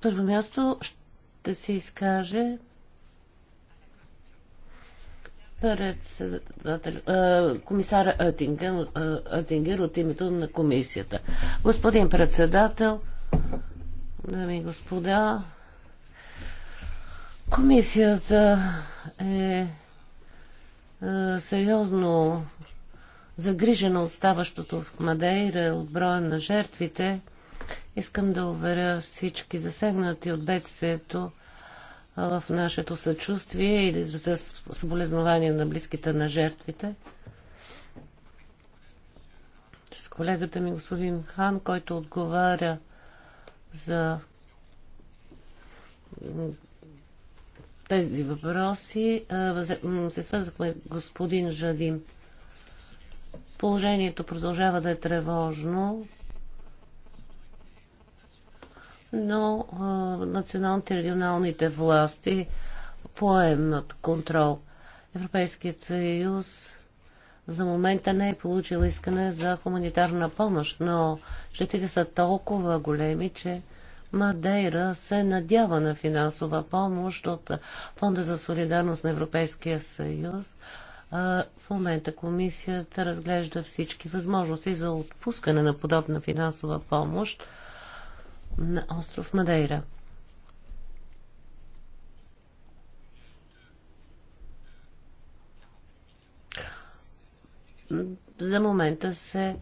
първо място ще се изкаже председател, комисара Оттингер, Оттингер от името на комисията. Господин председател, дами и господа, комисията е, е сериозно загрижена от ставащото в Мадейра от броя на жертвите – Искам да уверя всички засегнати от бедствието в нашето съчувствие или за съболезнование на близките на жертвите. С колегата ми господин Хан, който отговаря за тези въпроси, се свързахме господин Жадим. Положението продължава да е тревожно но а, националните и регионалните власти поемат контрол. Европейският съюз за момента не е получил искане за хуманитарна помощ, но щетите са толкова големи, че Мадейра се надява на финансова помощ от Фонда за солидарност на Европейския съюз. В момента комисията разглежда всички възможности за отпускане на подобна финансова помощ на остров Мадейра. За момента се.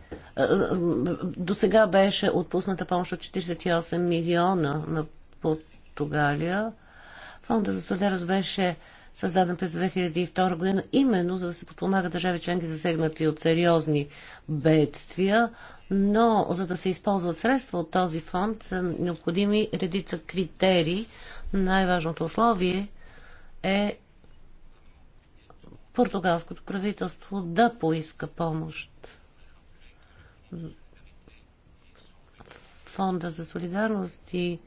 До сега беше отпусната помощ от 48 милиона на Португалия. Фонда за солидарност беше създаден през 2002 година, именно за да се подпомага държави членки засегнати от сериозни бедствия, но за да се използват средства от този фонд са необходими редица критерии. Най-важното условие е португалското правителство да поиска помощ. Фонда за солидарност и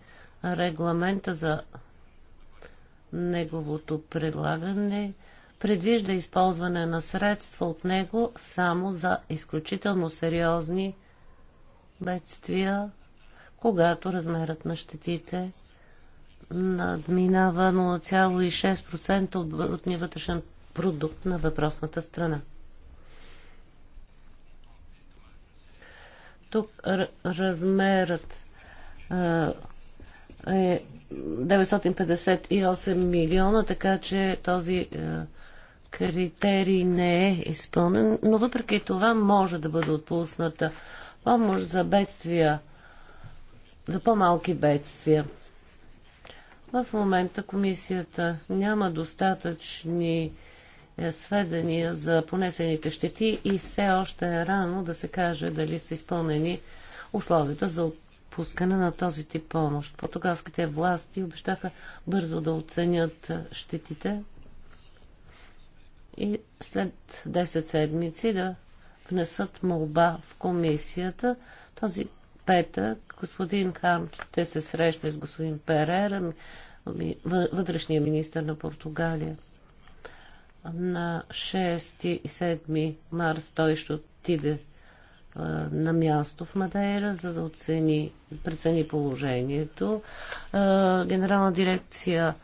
регламента за неговото предлагане предвижда използване на средства от него само за изключително сериозни бедствия, когато размерът на щетите надминава 0,6% от брутния вътрешен продукт на въпросната страна. Тук размерът е 958 милиона, така че този е, критерий не е изпълнен, но въпреки това може да бъде отпусната помощ за бедствия, за по-малки бедствия. В момента комисията няма достатъчни е, сведения за понесените щети и все още е рано да се каже дали са изпълнени условията за отпусната отпускане на този тип помощ. Португалските власти обещаха бързо да оценят щетите и след 10 седмици да внесат молба в комисията. Този петък господин Хан ще се срещне с господин Перера, вътрешния министр на Португалия. На 6 и 7 марс той ще отиде на място в Мадейра, за да оцени, прецени положението. Генерална дирекция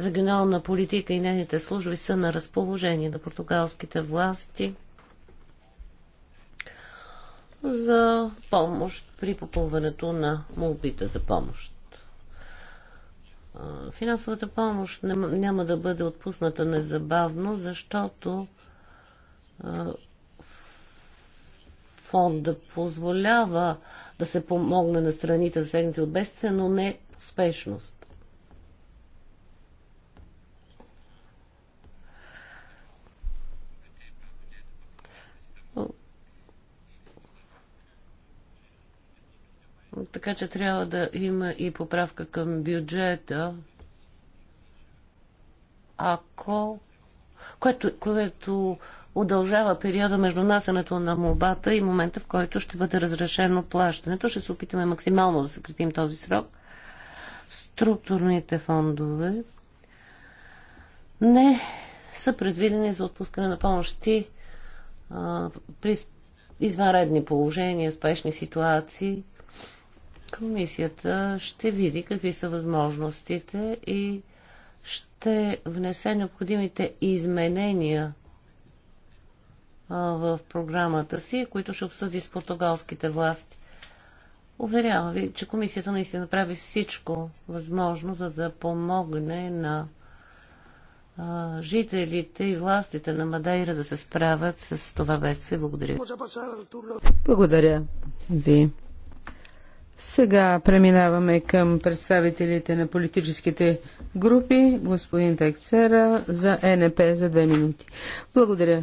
регионална политика и нейните служби са на разположение на португалските власти за помощ при попълването на молбите за помощ. Финансовата помощ няма да бъде отпусната незабавно, защото фонд да позволява да се помогне на страните засегнати от бедствия, но не спешност. Така че трябва да има и поправка към бюджета, ако което, което удължава периода между насенето на молбата и момента, в който ще бъде разрешено плащането. Ще се опитаме максимално да съкратим този срок. Структурните фондове не са предвидени за отпускане на помощи а, при извънредни положения, спешни ситуации. Комисията ще види какви са възможностите и ще внесе необходимите изменения в програмата си, които ще обсъди с португалските власти. Уверявам ви, че комисията наистина прави всичко възможно, за да помогне на жителите и властите на Мадайра да се справят с това бедствие. Благодаря. Благодаря ви. Сега преминаваме към представителите на политическите групи. Господин Тексера за НП за две минути. Благодаря,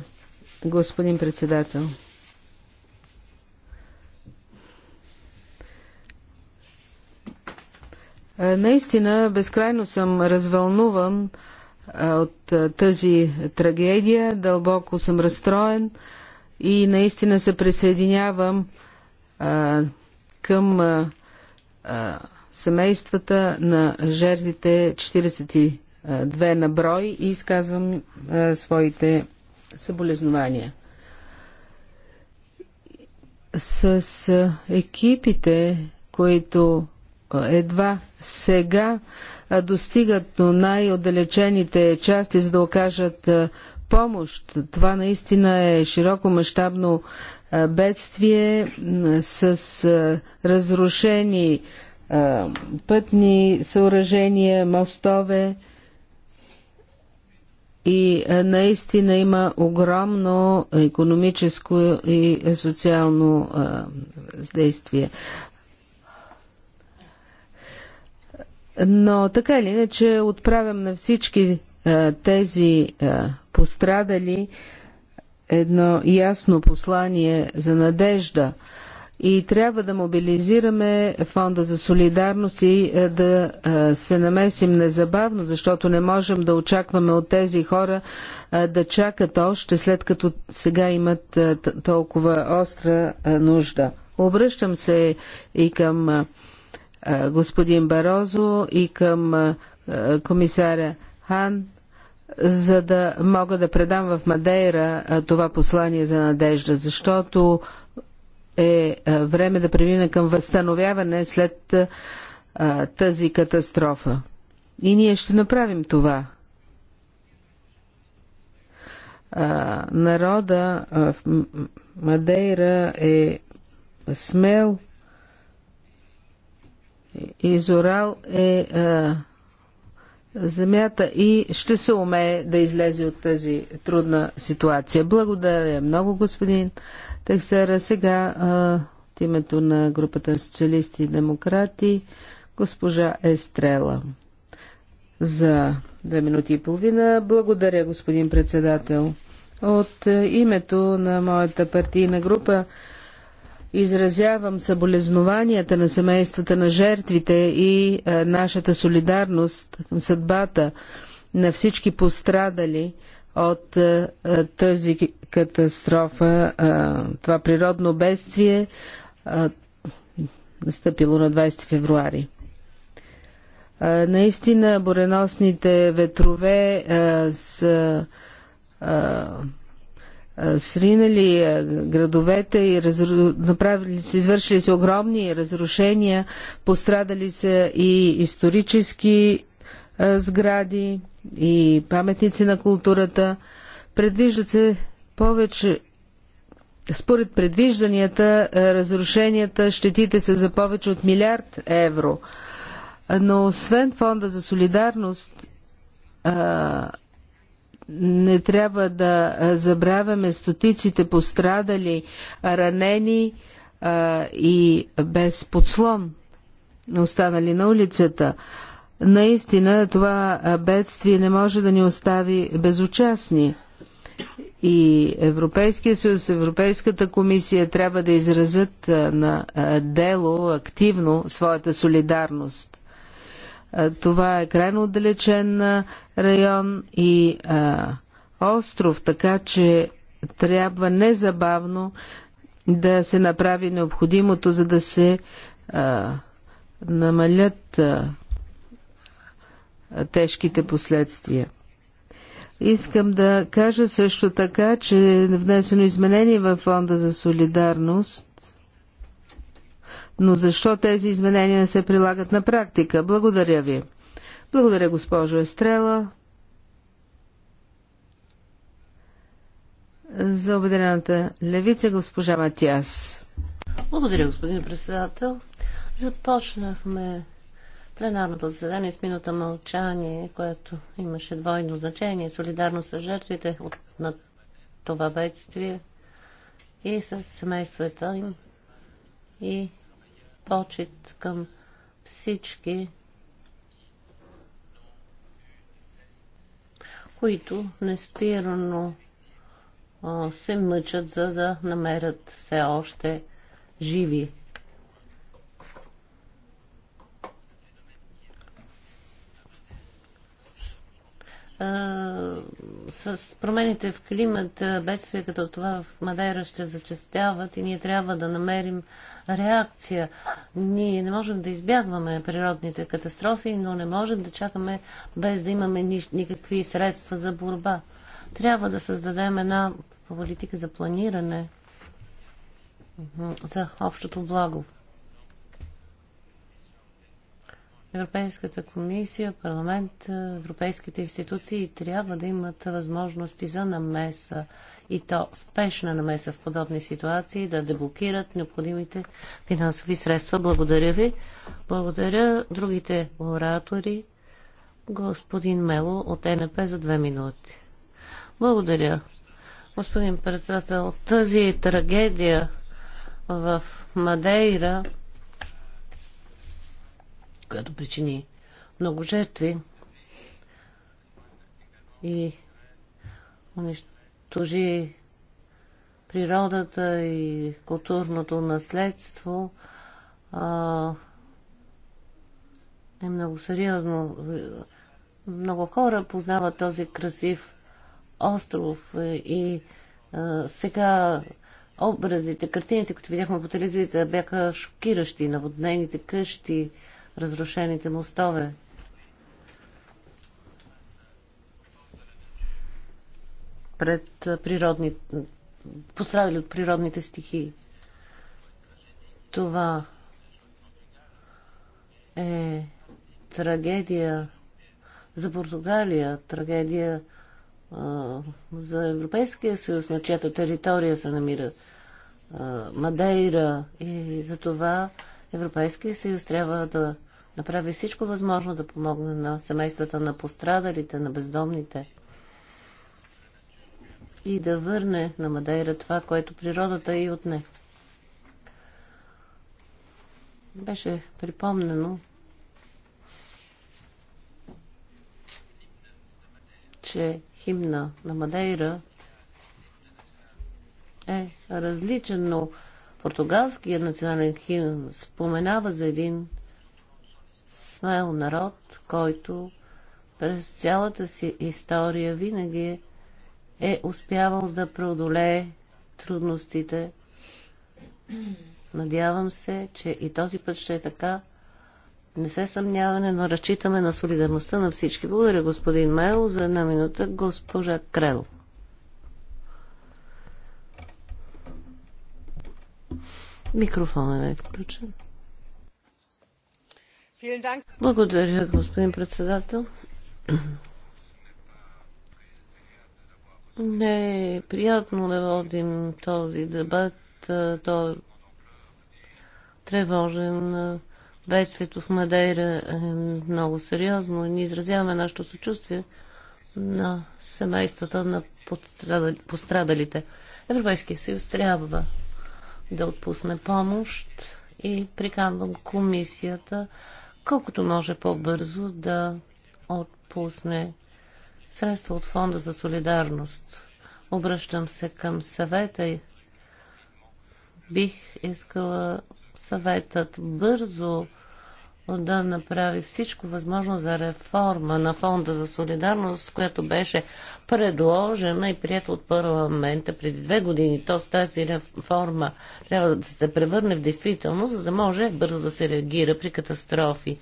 господин председател. Наистина, безкрайно съм развълнуван от тази трагедия, дълбоко съм разстроен и наистина се присъединявам а, към а, семействата на жертвите 42 на брой и изказвам а, своите съболезнования. С екипите, които едва сега достигат до най-отдалечените части, за да окажат помощ. Това наистина е широко мащабно бедствие с разрушени пътни съоръжения, мостове. И е, наистина има огромно економическо и социално е, действие. Но така или иначе отправям на всички е, тези пострадали едно ясно послание за надежда – и трябва да мобилизираме фонда за солидарност и е, да е, се намесим незабавно, защото не можем да очакваме от тези хора е, да чакат още след като сега имат толкова остра нужда. Обръщам се и към господин Барозо и към комисаря Хан, за да мога да предам в Мадейра това послание за надежда, защото е, е време да премине към възстановяване след е, е, тази катастрофа. И ние ще направим това. Народа в Мадейра е смел. Изорал е земята и ще се умее да излезе от тази трудна ситуация. Благодаря много, господин Тексера. Сега от името на групата социалисти и демократи госпожа Естрела. За две минути и половина. Благодаря, господин председател. От името на моята партийна група изразявам съболезнованията на семействата на жертвите и нашата солидарност към съдбата на всички пострадали от е, е, тази катастрофа, е, това природно бедствие, настъпило на 20 февруари. Наистина, буреносните ветрове са сринали градовете и разру... направили се, извършили се огромни разрушения, пострадали са и исторически сгради и паметници на културата. Предвиждат се повече според предвижданията, е, разрушенията, щетите са за повече от милиард евро. Но освен фонда за солидарност, е, не трябва да е, забравяме стотиците пострадали, ранени и без подслон, останали на улицата. Наистина това бедствие не може да ни остави безучастни. И Европейския съюз, Европейската комисия трябва да изразят на дело активно своята солидарност. Това е крайно отдалечен район и а, остров, така че трябва незабавно да се направи необходимото, за да се а, намалят а, тежките последствия. Искам да кажа също така, че е внесено изменение във Фонда за солидарност, но защо тези изменения не се прилагат на практика? Благодаря ви. Благодаря, госпожо Естрела. За Обединената левица, госпожа Матиас. Благодаря, господин председател. Започнахме пленарното заседание с минута мълчание, което имаше двойно значение, солидарно с жертвите от, на това бедствие и с семействата им и почет към всички, които неспирано се мъчат, за да намерят все още живи с промените в климата, бедствия като това в Мадейра ще зачастяват и ние трябва да намерим реакция. Ние не можем да избягваме природните катастрофи, но не можем да чакаме без да имаме никакви средства за борба. Трябва да създадем една политика за планиране за общото благо. Европейската комисия, парламент, европейските институции трябва да имат възможности за намеса и то спешна намеса в подобни ситуации, да деблокират необходимите финансови средства. Благодаря ви. Благодаря другите оратори. Господин Мело от НП за две минути. Благодаря. Господин председател, тази трагедия в Мадейра която причини много жертви и унищожи природата и културното наследство а, е много сериозно. Много хора познават този красив остров е, и а, сега образите, картините, които видяхме по телевизията, бяха шокиращи. Наводнените къщи, разрушените мостове. Пред природни... пострадали от природните стихии. Това е трагедия за Португалия, трагедия а, за Европейския съюз, на чиято територия се намира а, Мадейра. И за това Европейския съюз трябва да направи всичко възможно да помогне на семействата на пострадалите, на бездомните и да върне на Мадейра това, което природата и отне. Беше припомнено, че химна на Мадейра е различен, но Португалския национален химн споменава за един смел народ, който през цялата си история винаги е успявал да преодолее трудностите. Надявам се, че и този път ще е така. Не се съмняваме, но разчитаме на солидарността на всички. Благодаря, господин Майл, за една минута. Госпожа Крел. е включен. Благодаря, господин председател. Не е приятно да водим този дебат. Той е тревожен. Бедствието в Мадейра е много сериозно. ни изразяваме нашето съчувствие на семействата на пострадалите. Европейския съюз трябва да отпусне помощ и приканвам комисията колкото може по-бързо да отпусне средства от Фонда за солидарност. Обръщам се към съвета и бих искала съветът бързо да направи всичко възможно за реформа на Фонда за солидарност, която беше предложена и прията от парламента преди две години. Тоест тази реформа трябва да се превърне в действителност, за да може бързо да се реагира при катастрофи.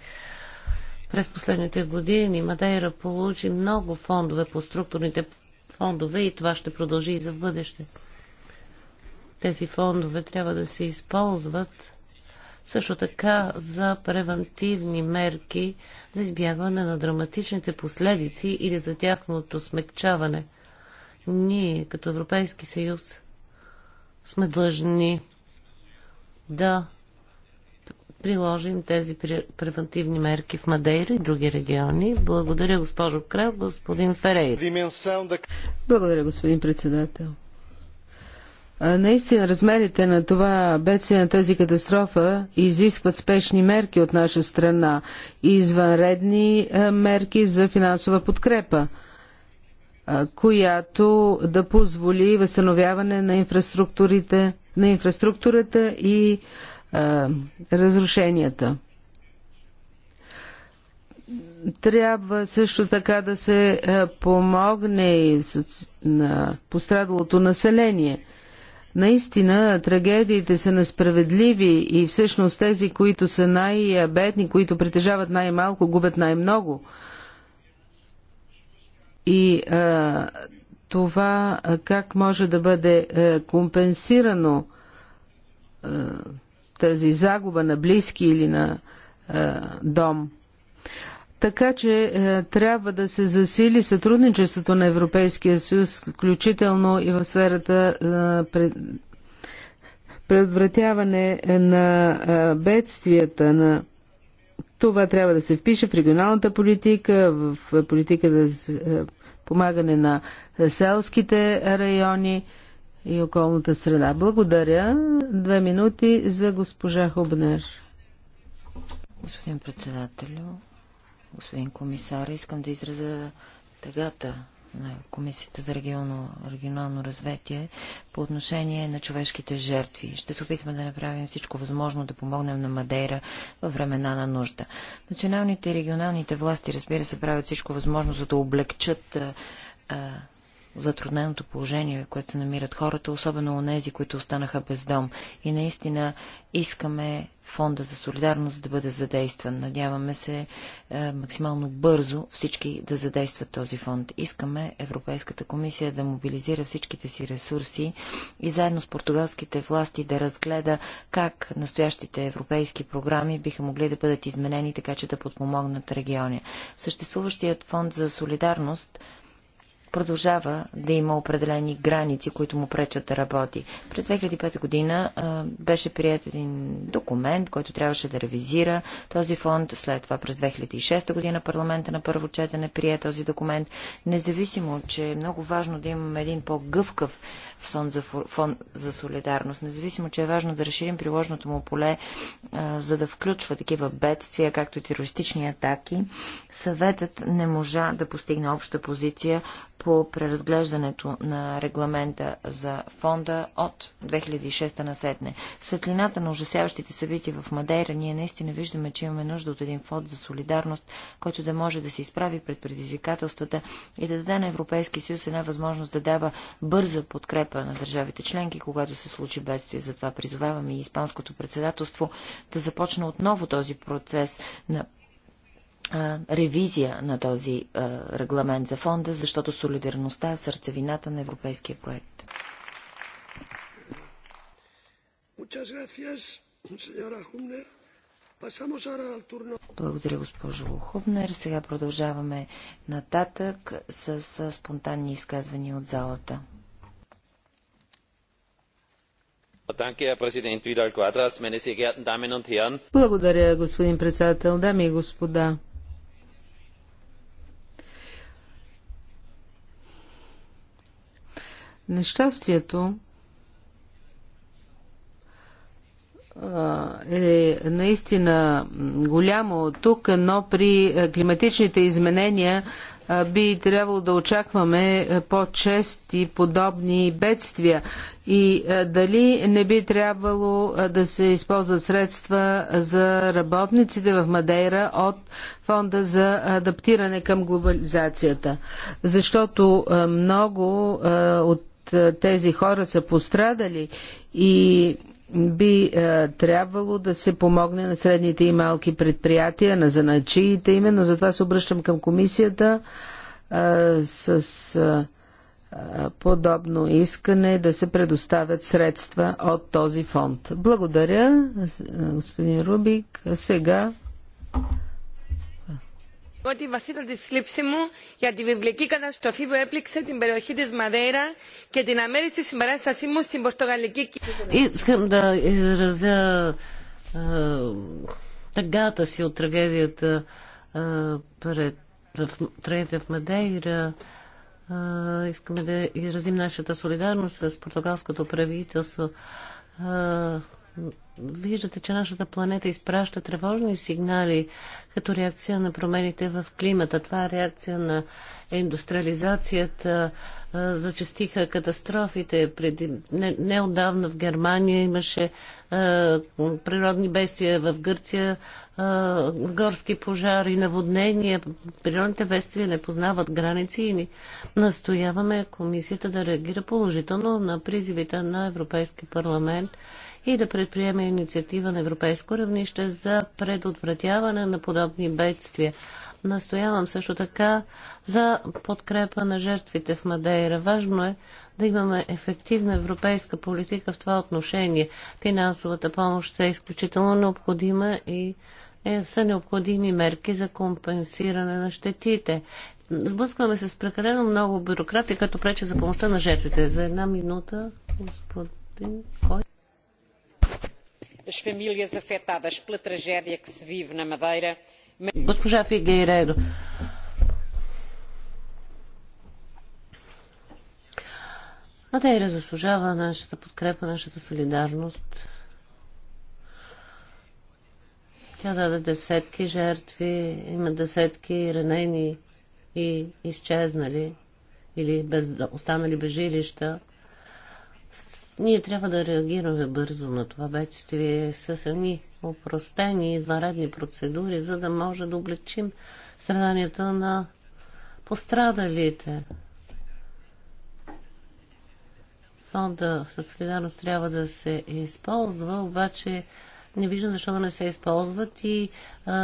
През последните години Мадейра получи много фондове по структурните фондове и това ще продължи и за бъдеще. Тези фондове трябва да се използват също така за превентивни мерки за избягване на драматичните последици или за тяхното смекчаване. Ние, като Европейски съюз, сме длъжни да приложим тези превентивни мерки в Мадейра и други региони. Благодаря, госпожо Крал, господин Ферей. Благодаря, господин председател. Наистина размерите на това бедствие на тази катастрофа изискват спешни мерки от наша страна и извънредни мерки за финансова подкрепа, която да позволи възстановяване на, инфраструктурите, на инфраструктурата и а, разрушенията. Трябва също така да се помогне на пострадалото население – Наистина трагедиите са несправедливи и всъщност тези, които са най-бедни, които притежават най-малко, губят най-много. И а, това как може да бъде а, компенсирано а, тази загуба на близки или на а, дом. Така че е, трябва да се засили сътрудничеството на Европейския съюз, включително и в сферата е, пред, предотвратяване на е, бедствията. На... Това трябва да се впише в регионалната политика, в, в политиката за е, помагане на селските райони и околната среда. Благодаря. Две минути за госпожа Хубнер. Господин председателю, господин комисар. Искам да изразя тъгата на Комисията за регионално, регионално развитие по отношение на човешките жертви. Ще се опитаме да направим всичко възможно да помогнем на Мадейра във времена на нужда. Националните и регионалните власти, разбира се, правят всичко възможно, за да облегчат а, затрудненото положение, в което се намират хората, особено онези, които останаха без дом. И наистина искаме фонда за солидарност да бъде задействан. Надяваме се е, максимално бързо всички да задействат този фонд. Искаме Европейската комисия да мобилизира всичките си ресурси и заедно с португалските власти да разгледа как настоящите европейски програми биха могли да бъдат изменени така, че да подпомогнат региони. Съществуващият фонд за солидарност продължава да има определени граници, които му пречат да работи. През 2005 година а, беше прият един документ, който трябваше да ревизира този фонд. След това през 2006 година парламента на първо четене прие този документ. Независимо, че е много важно да имаме един по-гъвкав фонд за, фонд за солидарност, независимо, че е важно да разширим приложното му поле, а, за да включва такива бедствия, както и терористични атаки, съветът не можа да постигне обща позиция по преразглеждането на регламента за фонда от 2006 на седне. светлината на ужасяващите събития в Мадейра ние наистина виждаме, че имаме нужда от един фонд за солидарност, който да може да се изправи пред предизвикателствата и да даде на Европейския съюз една възможност да дава бърза подкрепа на държавите членки, когато се случи бедствие. Затова призоваваме и Испанското председателство да започне отново този процес на ревизия на този регламент за фонда, защото солидарността е сърцевината на европейския проект. Благодаря, госпожо Хубнер. Сега продължаваме нататък с, с спонтанни изказвания от залата. Благодаря, господин председател. Дами и господа, Нещастието е наистина голямо тук, но при климатичните изменения би трябвало да очакваме по-чести подобни бедствия и дали не би трябвало да се използват средства за работниците в Мадейра от фонда за адаптиране към глобализацията. Защото много от е, тези хора са пострадали и би е, трябвало да се помогне на средните и малки предприятия, на заначиите. Именно затова се обръщам към комисията е, с е, подобно искане да се предоставят средства от този фонд. Благодаря, е, господин Рубик. Сега ότι η βαθύτατη θλίψη μου για τη βιβλική καταστροφή που έπληξε την περιοχή της Μαδέρα και την αμέριστη συμπαράστασή μου στην Πορτογαλική κοινωνία. тъгата си от трагедията пред трагедията в Мадейра. Искаме да изразим нашата солидарност с португалското правителство. Виждате, че нашата планета изпраща тревожни сигнали като реакция на промените в климата. Това е реакция на индустриализацията. Зачастиха катастрофите. Преди, не, отдавна в Германия имаше е, природни бедствия, в Гърция е, горски пожари, наводнения. Природните бедствия не познават граници и ни настояваме комисията да реагира положително на призивите на Европейски парламент и да предприеме инициатива на европейско равнище за предотвратяване на подобни бедствия. Настоявам също така за подкрепа на жертвите в Мадейра. Важно е да имаме ефективна европейска политика в това отношение. Финансовата помощ е изключително необходима и е, са необходими мерки за компенсиране на щетите. Сблъскваме се с прекалено много бюрокрация, като пречи за помощта на жертвите. За една минута, господин, кой? das famílias afetadas pela tragédia que se vive na Madeira. Госпожа заслужава нашата подкрепа, нашата солидарност. Тя даде десетки жертви, има десетки ранени и изчезнали или без, останали без жилища. Ние трябва да реагираме бързо на това бедствие с едни упростени извънредни процедури, за да може да облегчим страданията на пострадалите. Фонда със солидарност трябва да се използва, обаче не виждам защо не се използват и а,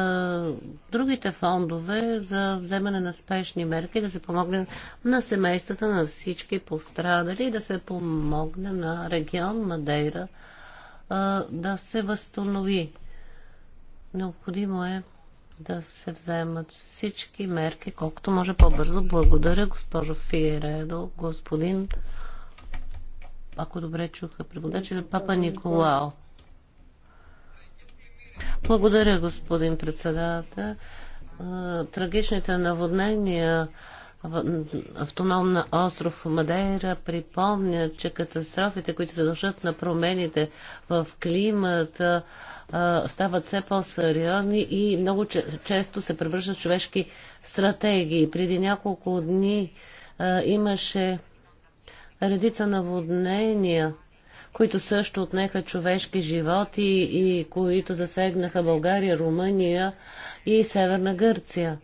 другите фондове за вземане на спешни мерки, да се помогне на семействата на всички пострадали и да се помогне на регион Мадейра а, да се възстанови. Необходимо е да се вземат всички мерки, колкото може по-бързо. Благодаря, госпожо Фиередо, господин, ако добре чуха преводача, папа Николао. Благодаря, господин председател. Трагичните наводнения в автономна остров Мадейра припомнят, че катастрофите, които се дължат на промените в климата, стават все по-сериозни и много често се превръщат човешки стратегии. Преди няколко дни имаше редица наводнения – които също отнеха човешки животи и, които засегнаха България, Румъния и Северна Гърция.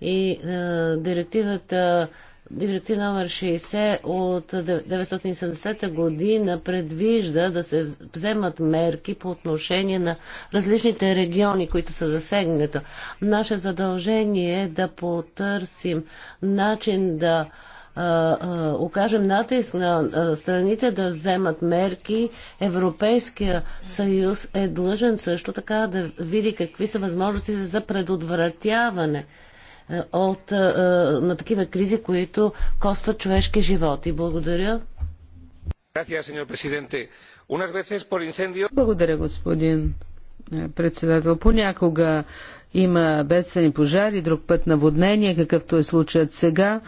И е, директивата Директива номер 60 от 1970 година предвижда да се вземат мерки по отношение на различните региони, които са засегнато. Наше задължение е да потърсим начин да окажем натиск на страните да вземат мерки, Европейския съюз е длъжен също така да види какви са възможностите за предотвратяване от, на такива кризи, които костват човешки животи. Благодаря. Благодаря, господин е, председател. Понякога има бедствени пожари, друг път наводнение, какъвто е случаят сега.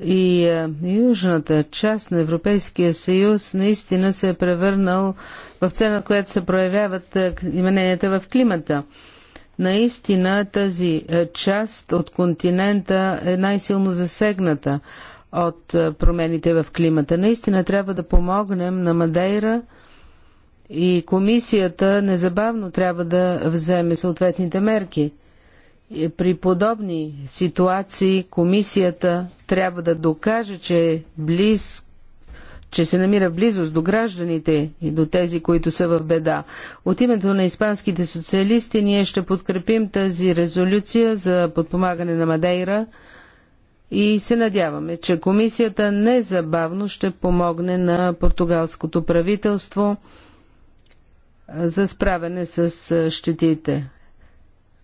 Е, и южната част на Европейския съюз наистина се е превърнал в цена, която се проявяват е, измененията в климата. Наистина тази е, част от континента е най-силно засегната от промените в климата. Наистина трябва да помогнем на Мадейра и комисията незабавно трябва да вземе съответните мерки при подобни ситуации комисията трябва да докаже, че е близ, че се намира близост до гражданите и до тези, които са в беда. От името на испанските социалисти ние ще подкрепим тази резолюция за подпомагане на Мадейра и се надяваме, че комисията незабавно ще помогне на португалското правителство за справяне с щетите.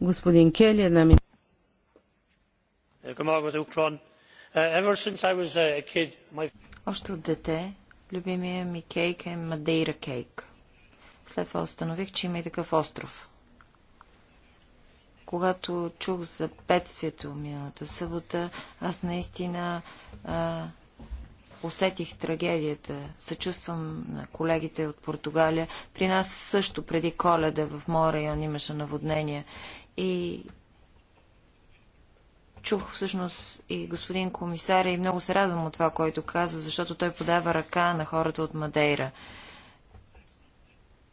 Господин Кели, една минута. Е, Още от дете любимия ми кейк е Мадейра кейк. След това установих, че има и такъв остров. Когато чух за бедствието миналата събота, аз наистина а, усетих трагедията. Съчувствам на колегите от Португалия. При нас също преди коледа в моя район имаше наводнения. И чух всъщност и господин комисаря и много се радвам от това, което каза, защото той подава ръка на хората от Мадейра.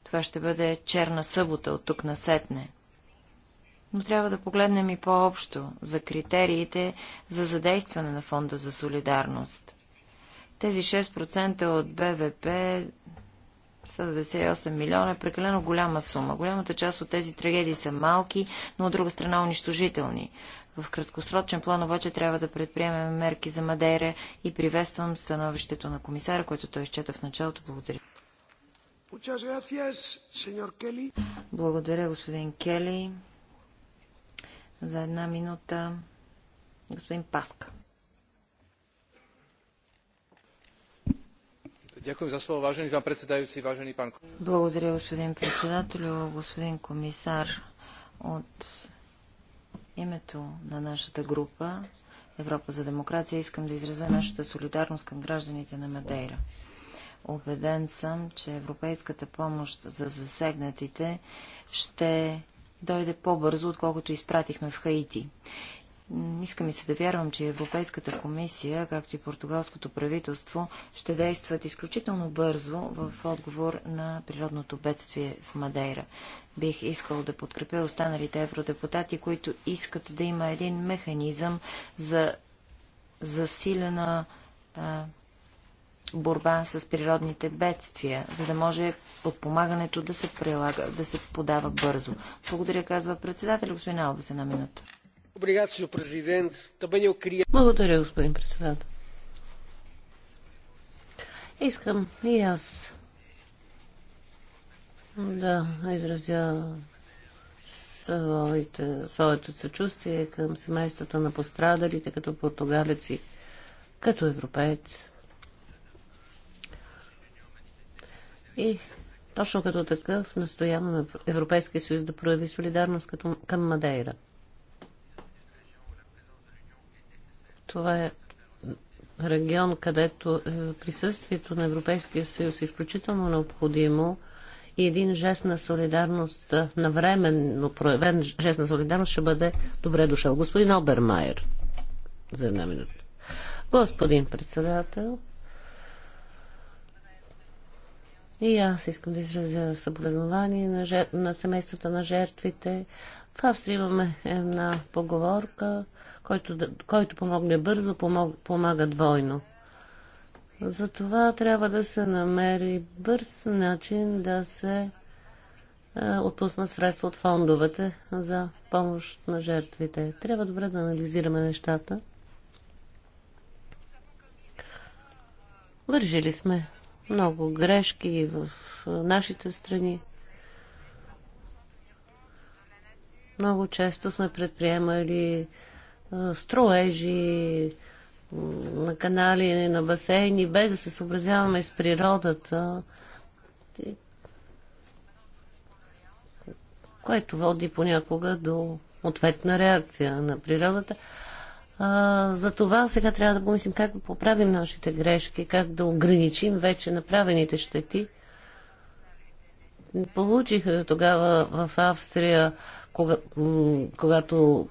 Това ще бъде черна събота от тук насетне. Но трябва да погледнем и по-общо за критериите за задействане на Фонда за солидарност. Тези 6% от БВП 98 милиона е прекалено голяма сума. Голямата част от тези трагедии са малки, но от друга страна унищожителни. В краткосрочен план обаче трябва да предприемем мерки за Мадейра и приветствам становището на комисара, което той изчета в началото. Благодаря. Благодаря, господин Кели. За една минута господин Паска. Благодаря, господин председател, господин комисар. От името на нашата група Европа за демокрация искам да изразя нашата солидарност към гражданите на Мадейра. Обеден съм, че европейската помощ за засегнатите ще дойде по-бързо, отколкото изпратихме в Хаити. Иска ми се да вярвам, че Европейската комисия, както и португалското правителство, ще действат изключително бързо в отговор на природното бедствие в Мадейра. Бих искал да подкрепя останалите евродепутати, които искат да има един механизъм за засилена а, борба с природните бедствия, за да може подпомагането да се прилага, да се подава бързо. Благодаря, казва председател. Господин Алвес, една минута. Благодаря, господин председател. Искам и аз да изразя своите, своето съчувствие към семействата на пострадалите, като португалеци, като европеец. И точно като такъв настояваме Европейския съюз да прояви солидарност като, към Мадейра – Това е регион, където е, присъствието на Европейския съюз е изключително необходимо и един жест на солидарност, е, навременно проявен жест на солидарност ще бъде добре дошъл. Господин Обермайер, за една минута. Господин председател, и аз искам да изразя съболезнование на, жер... на семействата на жертвите. В Австрия имаме една поговорка който, да, който помогне бързо, помог, помага двойно. Затова трябва да се намери бърз начин да се е, отпусна средства от фондовете за помощ на жертвите. Трябва добре да анализираме нещата. Вържили сме много грешки в е, нашите страни. Много често сме предприемали строежи на канали, на басейни, без да се съобразяваме с природата, което води понякога до ответна реакция на природата. А, за това сега трябва да помислим как да поправим нашите грешки, как да ограничим вече направените щети. Получиха тогава в Австрия кога, когато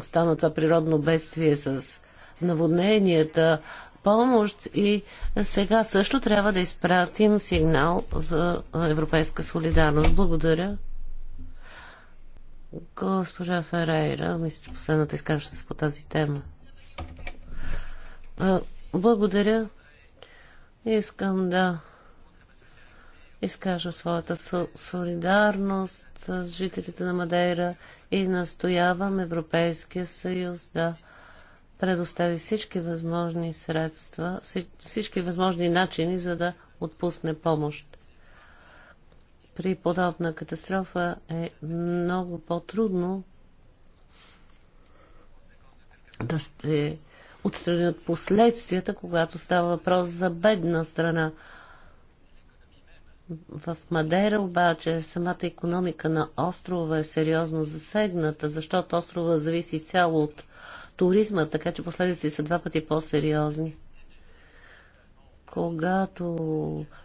стана това природно бедствие с наводненията, помощ и сега също трябва да изпратим сигнал за европейска солидарност. Благодаря. Госпожа Ферейра, мисля, че последната изкажа се по тази тема. Благодаря. Искам да изкажа своята солидарност с жителите на Мадейра и настоявам Европейския съюз да предостави всички възможни средства, всички възможни начини, за да отпусне помощ. При подобна катастрофа е много по-трудно да сте отстрани от последствията, когато става въпрос за бедна страна. В Мадера обаче самата економика на острова е сериозно засегната, защото острова зависи изцяло от туризма, така че последици са два пъти по-сериозни. Когато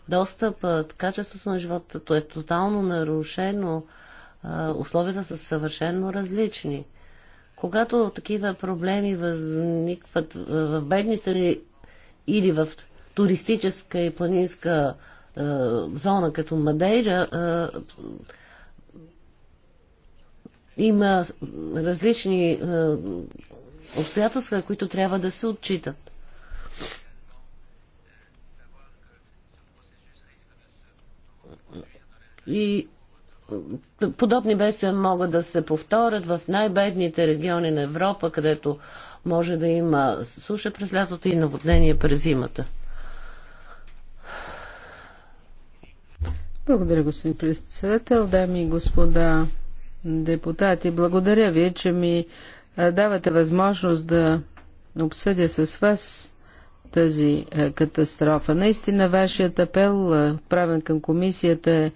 достъпът, качеството на живота е тотално нарушено, условията са съвършенно различни. Когато такива проблеми възникват в бедни страни или в туристическа и планинска е, зона като Мадейра е, има различни е, обстоятелства, които трябва да се отчитат. И подобни бесия могат да се повторят в най-бедните региони на Европа, където може да има суша през лятото и наводнение през зимата. Благодаря, господин председател. Дами и господа депутати, благодаря ви, че ми давате възможност да обсъдя с вас тази катастрофа. Наистина, вашият апел, правен към комисията, е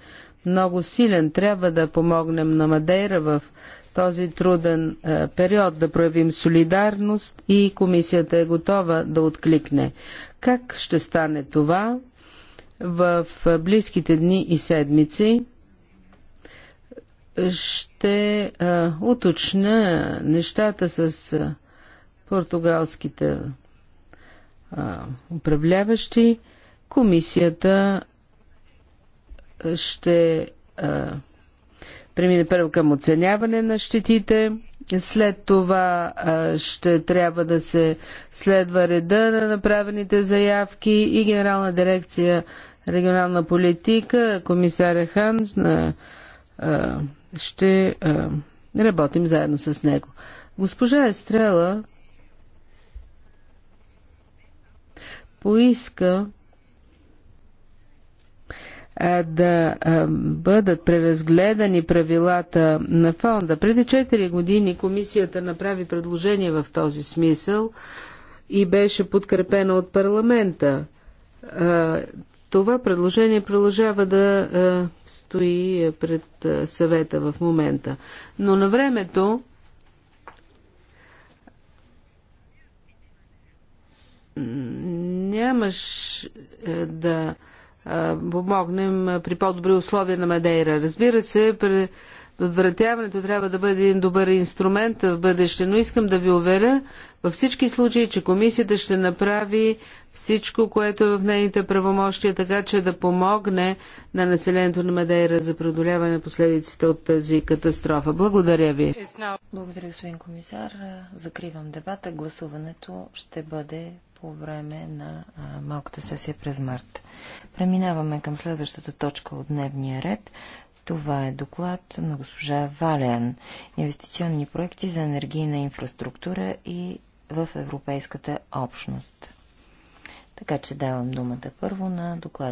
много силен. Трябва да помогнем на Мадейра в този труден период, да проявим солидарност и комисията е готова да откликне. Как ще стане това? В близките дни и седмици ще а, уточня нещата с а, португалските а, управляващи. Комисията ще а, премине първо към оценяване на щетите. След това а, ще трябва да се следва реда на направените заявки и Генерална дирекция регионална политика, комисаря Хан, ще работим заедно с него. Госпожа Естрела поиска да бъдат преразгледани правилата на фонда. Преди 4 години комисията направи предложение в този смисъл и беше подкрепена от парламента. Това предложение продължава да е, стои пред е, съвета в момента. Но на времето нямаш е, да помогнем при по-добри условия на Мадейра. Разбира се, предотвратяването трябва да бъде един добър инструмент в бъдеще, но искам да ви уверя във всички случаи, че комисията ще направи всичко, което е в нейните правомощия, така че да помогне на населението на Мадейра за преодоляване на последиците от тази катастрофа. Благодаря ви. Благодаря, господин комисар. Закривам дебата. Гласуването ще бъде по време на малката сесия през март. Преминаваме към следващата точка от дневния ред. Това е доклад на госпожа Вален. Инвестиционни проекти за енергийна инфраструктура и в Европейската общност. Така че давам думата първо на доклад.